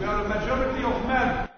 We are a majority of men.